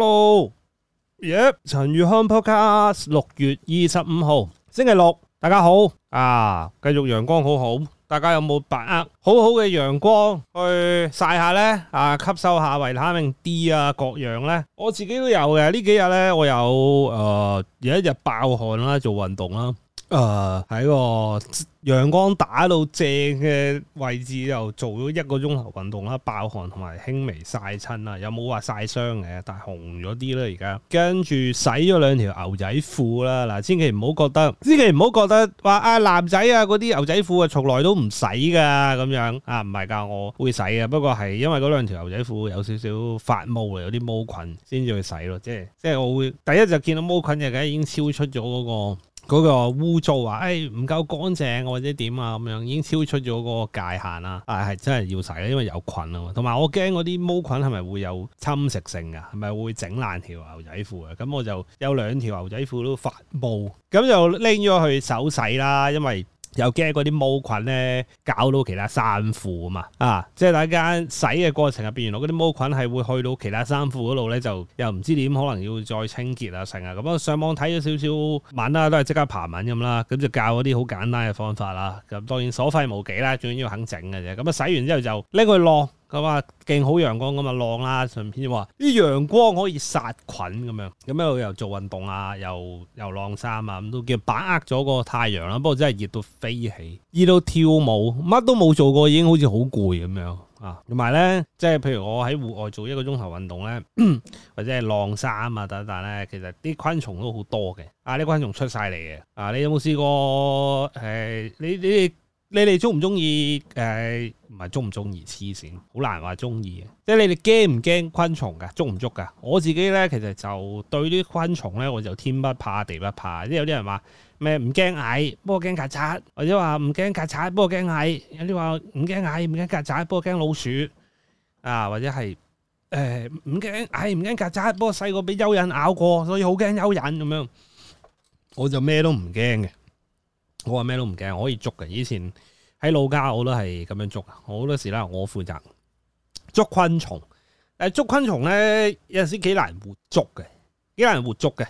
hello，陳宇香 podcast 六月二十五號星期六，大家好啊，繼續陽光好好，大家有冇把握好好嘅陽光去晒下呢？啊，吸收下維他命 D 啊，各樣呢。我自己都有嘅。呢幾日呢，我有誒有一日爆汗啦，做運動啦。誒，喺、uh, 個陽光打到正嘅位置，又做咗一個鐘頭運動啦，爆汗同埋輕微曬親啦，有冇話曬傷嘅？但係紅咗啲啦，而家跟住洗咗兩條牛仔褲啦，嗱，千祈唔好覺得，千祈唔好覺得話啊，男仔啊嗰啲牛仔褲啊從來都唔洗噶咁樣啊，唔係噶，我會洗嘅，不過係因為嗰兩條牛仔褲有少少發毛啊，有啲毛菌先至去洗咯，即係即係我會第一就見到毛菌嘅，梗係已經超出咗嗰、嗰個。嗰個污糟啊，誒、哎、唔夠乾淨或者點啊咁樣，已經超出咗嗰個界限啦，係、哎、係真係要洗嘅，因為有菌啊嘛。同埋我驚嗰啲毛菌係咪會有侵蝕性啊？係咪會整爛條牛仔褲啊？咁我就有兩條牛仔褲都發毛，咁就拎咗去手洗啦，因為。又驚嗰啲毛菌咧搞到其他衫褲啊嘛，啊，即係大家洗嘅過程入邊，原來嗰啲毛菌係會去到其他衫褲嗰度咧，就又唔知點可能要再清潔啊成啊。咁啊，上網睇咗少少文啦，都係即刻爬文咁啦，咁就教嗰啲好簡單嘅方法啦。咁當然所費無幾啦，最緊要肯整嘅啫。咁啊，洗完之後就拎佢攞。咁啊，勁好陽光咁啊，晾啦，順便話啲陽光可以殺菌咁樣。咁一又做運動啊，又晾衫啊，咁都叫把握咗個太陽啦，啊。不過真係熱到飛起，熱到跳舞乜都冇做過，已經好似好攰咁樣啊。同埋咧，即係譬如我喺戶外做一個鐘頭運動咧， 或者係晾衫啊等等咧，其實啲昆蟲都好多嘅。啊，啲昆蟲出晒嚟嘅。啊，你有冇試過誒、哎？你你，你你哋中唔中意？誒、呃，唔係中唔中意黐線？好難話中意嘅。即係你哋驚唔驚昆蟲噶、啊？捉唔捉噶？我自己咧，其實就對啲昆蟲咧，我就天不怕地不怕。即係有啲人話咩唔驚蟻，不過驚曱甴；或者話唔驚曱甴，不過驚蟻。有啲話唔驚蟻，唔驚曱甴，不過驚老鼠。啊，或者係誒唔驚蟻，唔驚曱甴，不過細個俾蚯蚓咬過，所以好驚蚯蚓咁樣。我就咩都唔驚嘅。我咩都唔驚，我可以捉嘅。以前喺老家我都係咁樣捉，好多時咧我負責捉昆蟲。誒、呃，捉昆蟲咧有陣時幾難活捉嘅，幾難活捉嘅。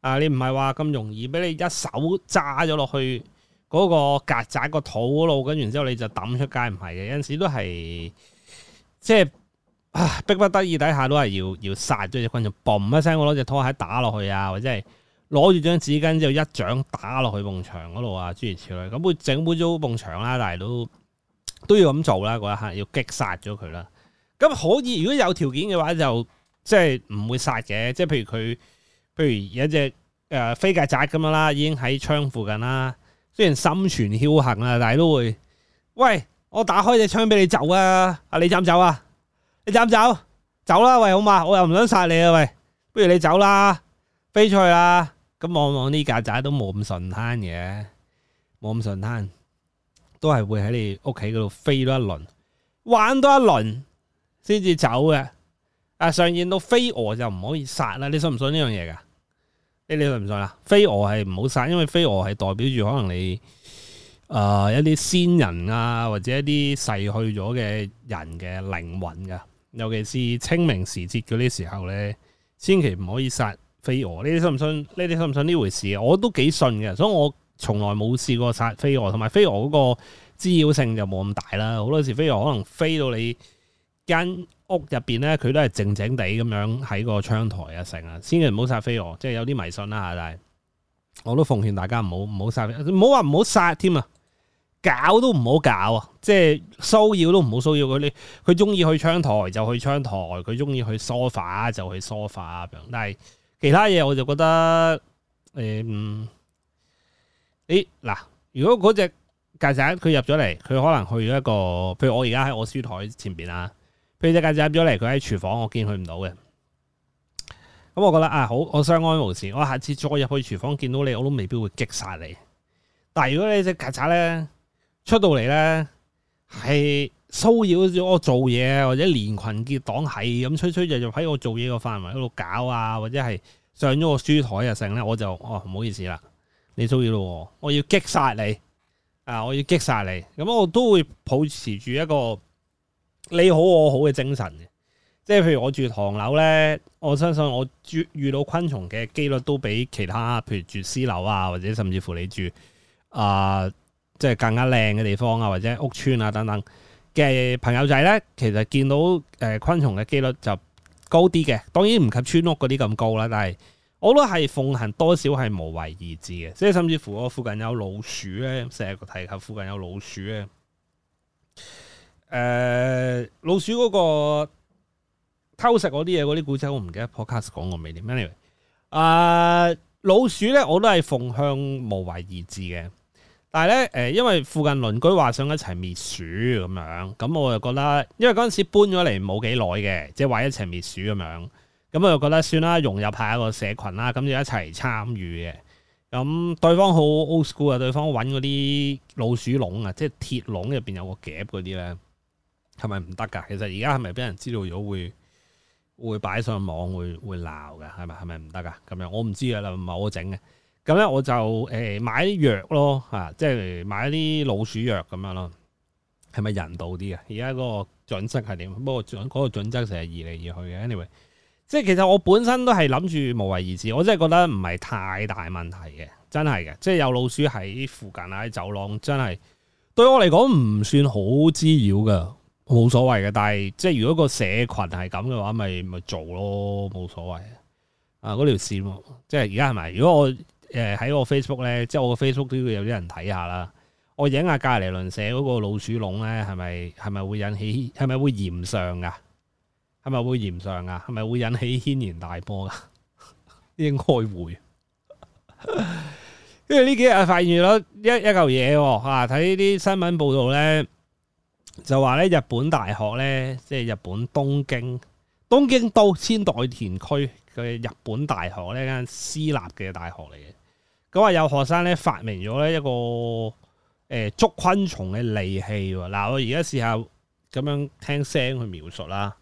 啊、呃，你唔係話咁容易俾你一手揸咗落去嗰個曱甴個肚嗰度，跟住之後你就抌出街唔係嘅。有陣時都係即係逼不得已底下都係要要殺咗隻昆蟲，嘣一聲我攞隻拖鞋打落去啊，或者係。攞住張紙巾就一掌打落去埲牆嗰度啊，諸如此類。咁會整污糟埲牆啦，但係都都要咁做啦，嗰一刻要擊殺咗佢啦。咁可以如果有條件嘅話，就即係唔會殺嘅。即係譬如佢，譬如有一隻誒、呃、飛曱甴咁樣啦，已經喺窗附近啦。雖然心存僥倖啦，但係都會，喂，我打開隻窗俾你走啊！阿你敢走啊？你敢走？走啦，喂，好嘛？我又唔想殺你啊，喂，不如你走啦，飛出去啦。咁往往呢曱甴都冇咁順攤嘅，冇咁順攤，都係會喺你屋企嗰度飛多一輪，玩多一輪，先至走嘅。啊，上演到飛蛾就唔可以殺啦，你信唔信呢樣嘢噶？你你信唔信啊？飛蛾係唔好殺，因為飛蛾係代表住可能你誒、呃、一啲先人啊，或者一啲逝去咗嘅人嘅靈魂噶，尤其是清明時節嗰啲時候咧，千祈唔可以殺。飛蛾，你哋信唔信？你哋信唔信呢回事？我都幾信嘅，所以我從來冇試過殺飛蛾，同埋飛蛾嗰個滋擾性就冇咁大啦。好多時飛蛾可能飛到你間屋入邊咧，佢都係靜靜地咁樣喺個窗台啊成啊，千祈唔好殺飛蛾，即係有啲迷信啦，但係我都奉勸大家唔好唔好殺，唔好話唔好殺添啊，搞都唔好搞啊，即係騷擾都唔好騷擾佢。你佢中意去窗台就去窗台，佢中意去梳化，就去梳化咁樣，但係。其他嘢我就覺得誒嗯，誒嗱，如果嗰隻曱甴佢入咗嚟，佢可能去咗一個，譬如我而家喺我書台前邊啊，譬如隻曱甴入咗嚟，佢喺廚房，我見佢唔到嘅。咁、嗯、我覺得啊，好我相安無事，我下次再入去廚房見到你，我都未必會擊殺你。但係如果你隻曱甴咧出到嚟咧係。騷擾我做嘢，或者連群結黨係咁，吹吹就就喺我做嘢個範圍喺度搞啊，或者係上咗個書台啊剩咧，我就哦唔好意思啦，你騷擾咯，我要激殺你啊！我要激殺你，咁、嗯、我都會保持住一個你好我好嘅精神嘅。即係譬如我住唐樓咧，我相信我住遇到昆蟲嘅幾率都比其他，譬如住私樓啊，或者甚至乎你住啊、呃，即係更加靚嘅地方啊，或者屋邨啊等等。嘅朋友仔咧，其實見到誒、呃、昆蟲嘅機率就高啲嘅，當然唔及村屋嗰啲咁高啦。但係我都係奉行多少係無為而治嘅，即係甚至乎我附近有老鼠咧，成日提及附近有老鼠咧。誒、呃，老鼠嗰個偷食嗰啲嘢，嗰啲古仔我唔記得 Podcast 講過未？點？anyway，啊，老鼠咧我都係奉行無為而治嘅。但係咧，誒，因為附近鄰居話想一齊滅鼠咁樣，咁我就覺得，因為嗰陣時搬咗嚟冇幾耐嘅，即係話一齊滅鼠咁樣，咁我就覺得算啦，融入下一個社群啦，咁就一齊參與嘅。咁對方好 old school 啊，對方揾嗰啲老鼠籠啊，即係鐵籠入邊有個夾嗰啲咧，係咪唔得噶？其實而家係咪俾人知道咗會會擺上網會會鬧噶？係咪係咪唔得噶？咁樣我唔知啊，嗱唔係我整嘅。咁咧我就誒、呃、買啲藥咯嚇、啊，即係買啲老鼠藥咁樣咯，係咪人道啲啊？而家嗰個準則係點？不過準嗰、嗰個準則成日移嚟移去嘅。Anyway，即係其實我本身都係諗住無為而治，我真係覺得唔係太大問題嘅，真係嘅。即係有老鼠喺附近啊，喺走廊，真係對我嚟講唔算好滋擾㗎，冇所謂嘅。但係即係如果個社群係咁嘅話，咪咪做咯，冇所謂。啊，嗰條線即係而家係咪？如果我誒，喺、呃、我 Facebook 咧，即係我 Facebook 都要有啲人睇下啦。我影下隔籬鄰舍嗰個老鼠籠咧，係咪係咪會引起，係咪會炎上噶？係咪會炎上啊？係咪會引起軒然大波噶？ 應該會。跟住呢幾日發現咗一一嚿嘢喎，吓，睇呢啲新聞報道咧，就話咧日本大學咧，即係日本東京。東京都千代田區嘅日本大學呢間私立嘅大學嚟嘅，咁話有學生咧發明咗咧一個誒捉、呃、昆蟲嘅利器喎。嗱，我而家試下咁樣聽聲去描述啦。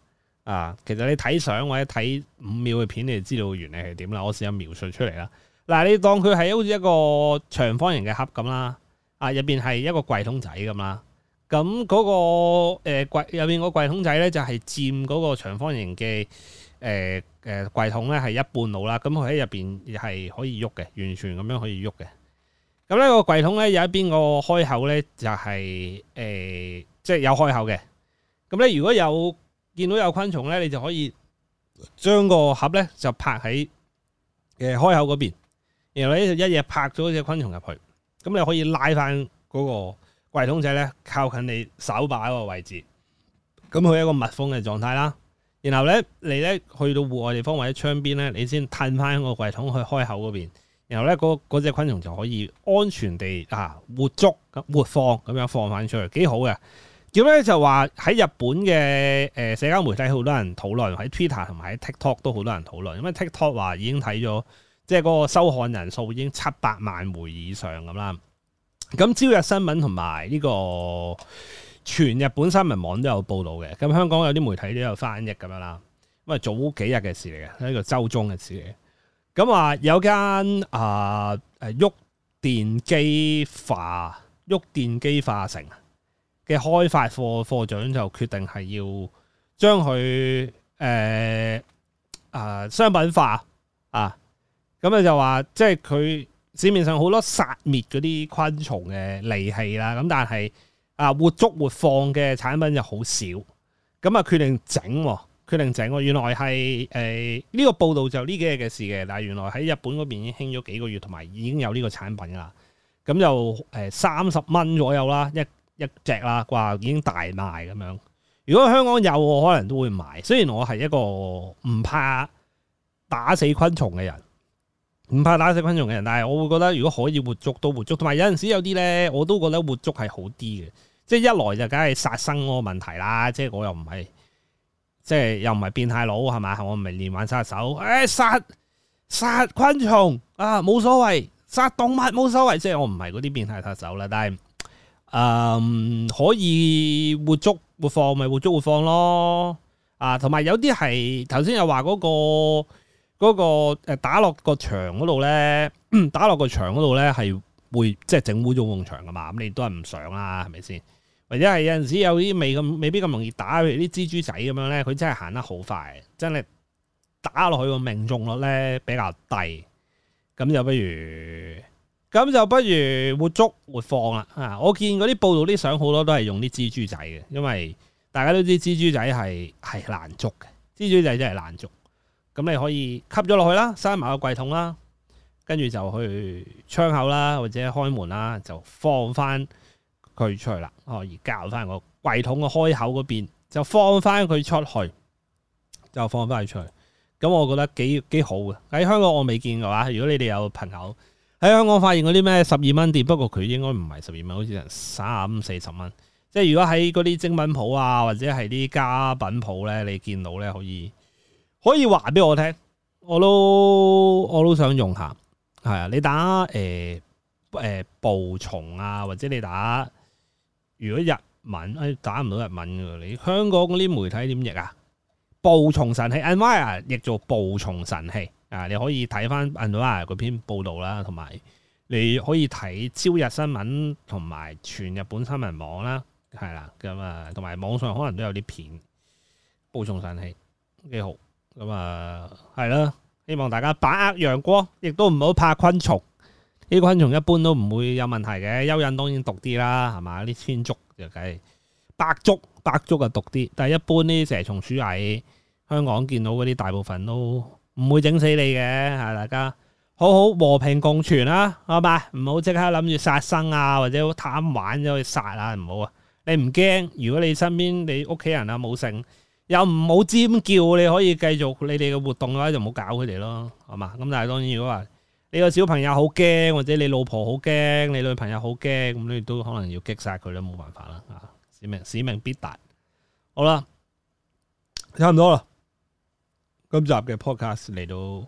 啊，其實你睇相或者睇五秒嘅片，你就知道原理係點啦。我試下描述出嚟啦。嗱，你當佢係好似一個長方形嘅盒咁啦，啊，入邊係一個櫃桶仔咁啦。咁嗰、嗯那個誒櫃入邊個櫃桶仔咧，就係、是、佔嗰個長方形嘅誒誒櫃桶咧，係一半路啦。咁佢喺入邊係可以喐嘅，完全咁樣可以喐嘅。咁、嗯、呢、那個櫃桶咧有一邊個開口咧，就係、是、誒、呃、即係有開口嘅。咁、嗯、咧如果有見到有昆蟲咧，你就可以將個盒咧就拍喺誒、呃、開口嗰邊，然後咧一嘢拍咗隻昆蟲入去，咁、嗯、你可以拉翻嗰、那個。櫃桶仔咧靠近你手把嗰個位置，咁佢一個密封嘅狀態啦。然後咧，你咧去到戶外地方或者窗邊咧，你先褪翻個櫃桶去開口嗰邊，然後咧嗰嗰隻昆蟲就可以安全地啊活捉、咁活放咁樣放翻出去，幾好嘅。叫咧就話喺日本嘅誒社交媒體好多人討論，喺 Twitter 同埋喺 TikTok 都好多人討論，因為 TikTok 話已經睇咗，即係嗰個收看人數已經七百萬回以上咁啦。咁朝日新聞同埋呢個全日本新聞網都有報道嘅，咁香港有啲媒體都有翻譯咁樣啦。咁啊早幾日嘅事嚟嘅，係一個週中嘅事嚟嘅。咁啊有間啊誒旭電機化旭電機化成嘅開發課課長就決定係要將佢誒啊商品化啊，咁啊就話即係佢。市面上好多殺滅嗰啲昆蟲嘅利器啦，咁但係啊活捉活放嘅產品就好少，咁啊決定整，決定整喎。原來係誒呢個報道就呢幾日嘅事嘅，但係原來喺日本嗰邊已經興咗幾個月，同埋已經有呢個產品啦。咁就誒三十蚊左右啦，一一隻啦，啩已經大賣咁樣。如果香港有，我可能都會買。雖然我係一個唔怕打死昆蟲嘅人。唔怕打死昆蟲嘅人，但係我會覺得如果可以活捉都活捉，同埋有陣時有啲咧，我都覺得活捉係好啲嘅。即係一來就梗係殺生嗰個問題啦，即係我又唔係，即係又唔係變態佬係咪？我唔係連環殺手，誒殺殺昆蟲啊冇所謂，殺動物冇所謂，即係我唔係嗰啲變態殺手啦。但係，嗯，可以活捉活放咪活捉活放咯。啊，同埋有啲係頭先又話嗰個。嗰個誒打落個牆嗰度咧，打落個牆嗰度咧係會即係整烏煙瘴氣嘅嘛，咁你都係唔想啦，係咪先？或者係有陣時有啲未咁未必咁容易打，譬如啲蜘蛛仔咁樣咧，佢真係行得好快，真係打落去個命中率咧比較低，咁就不如咁就不如活捉活放啦啊！我見嗰啲報道啲相好多都係用啲蜘蛛仔嘅，因為大家都知蜘蛛仔係係難捉嘅，蜘蛛仔真係難捉。咁你可以吸咗落去啦，閂埋個櫃桶啦，跟住就去窗口啦，或者開門啦，就放翻佢出去啦。哦，而教翻個櫃桶個開口嗰邊，就放翻佢出去，就放翻佢出去。咁我覺得幾幾好嘅。喺香港我未見嘅話，如果你哋有朋友喺香港發現嗰啲咩十二蚊店，不過佢應該唔係十二蚊，好似係三四十蚊。即係如果喺嗰啲精品鋪啊，或者係啲家品鋪咧，你見到咧可以。可以話俾我聽，我都我都想用下。係啊，你打誒誒暴蟲啊，或者你打如果日文誒、哎、打唔到日文嘅，你香港嗰啲媒體點譯啊？暴蟲神器 Unwire 啊，wire, 譯做暴蟲神器啊，你可以睇翻 Unwire 嗰篇報道啦，同埋你可以睇朝日新聞同埋全日本新聞網啦，係啦，咁啊，同埋網上可能都有啲片暴蟲神器，幾好。咁啊，係咯、嗯，希望大家把握陽光，亦都唔好怕昆蟲。啲昆蟲一般都唔會有問題嘅，蚯蚓當然毒啲啦，係嘛？啲天竺就梗係白竹，白竹就毒啲，但係一般呢啲蛇蟲鼠蟻，香港見到嗰啲大部分都唔會整死你嘅。係大家好好和平共存啦，好嘛？唔好即刻諗住殺生啊，或者貪玩咗去殺啊，唔好啊！你唔驚？如果你身邊你屋企人啊冇剩。又唔好尖叫，你可以繼續你哋嘅活動嘅話，就唔好搞佢哋咯，好嘛？咁但係當然，如果話你個小朋友好驚，或者你老婆好驚，你女朋友好驚，咁你都可能要激晒佢啦，冇辦法啦。使命使命必達，好啦，差唔多啦。今集嘅 podcast 嚟到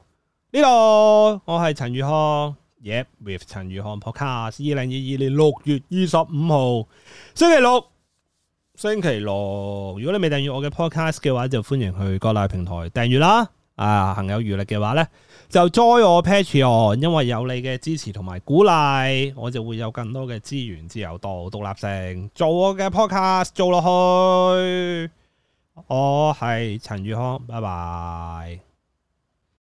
呢度，我係陳宇康，耶，with 陳宇康 podcast，二零二二年六月二十五號星期六。星期六，如果你未訂閱我嘅 podcast 嘅話，就歡迎去各大平台訂閱啦。啊，行有餘力嘅話呢就 join 我 patreon，因為有你嘅支持同埋鼓勵，我就會有更多嘅資源、自由度、獨立性，做我嘅 podcast 做落去。我係陳宇康，拜拜。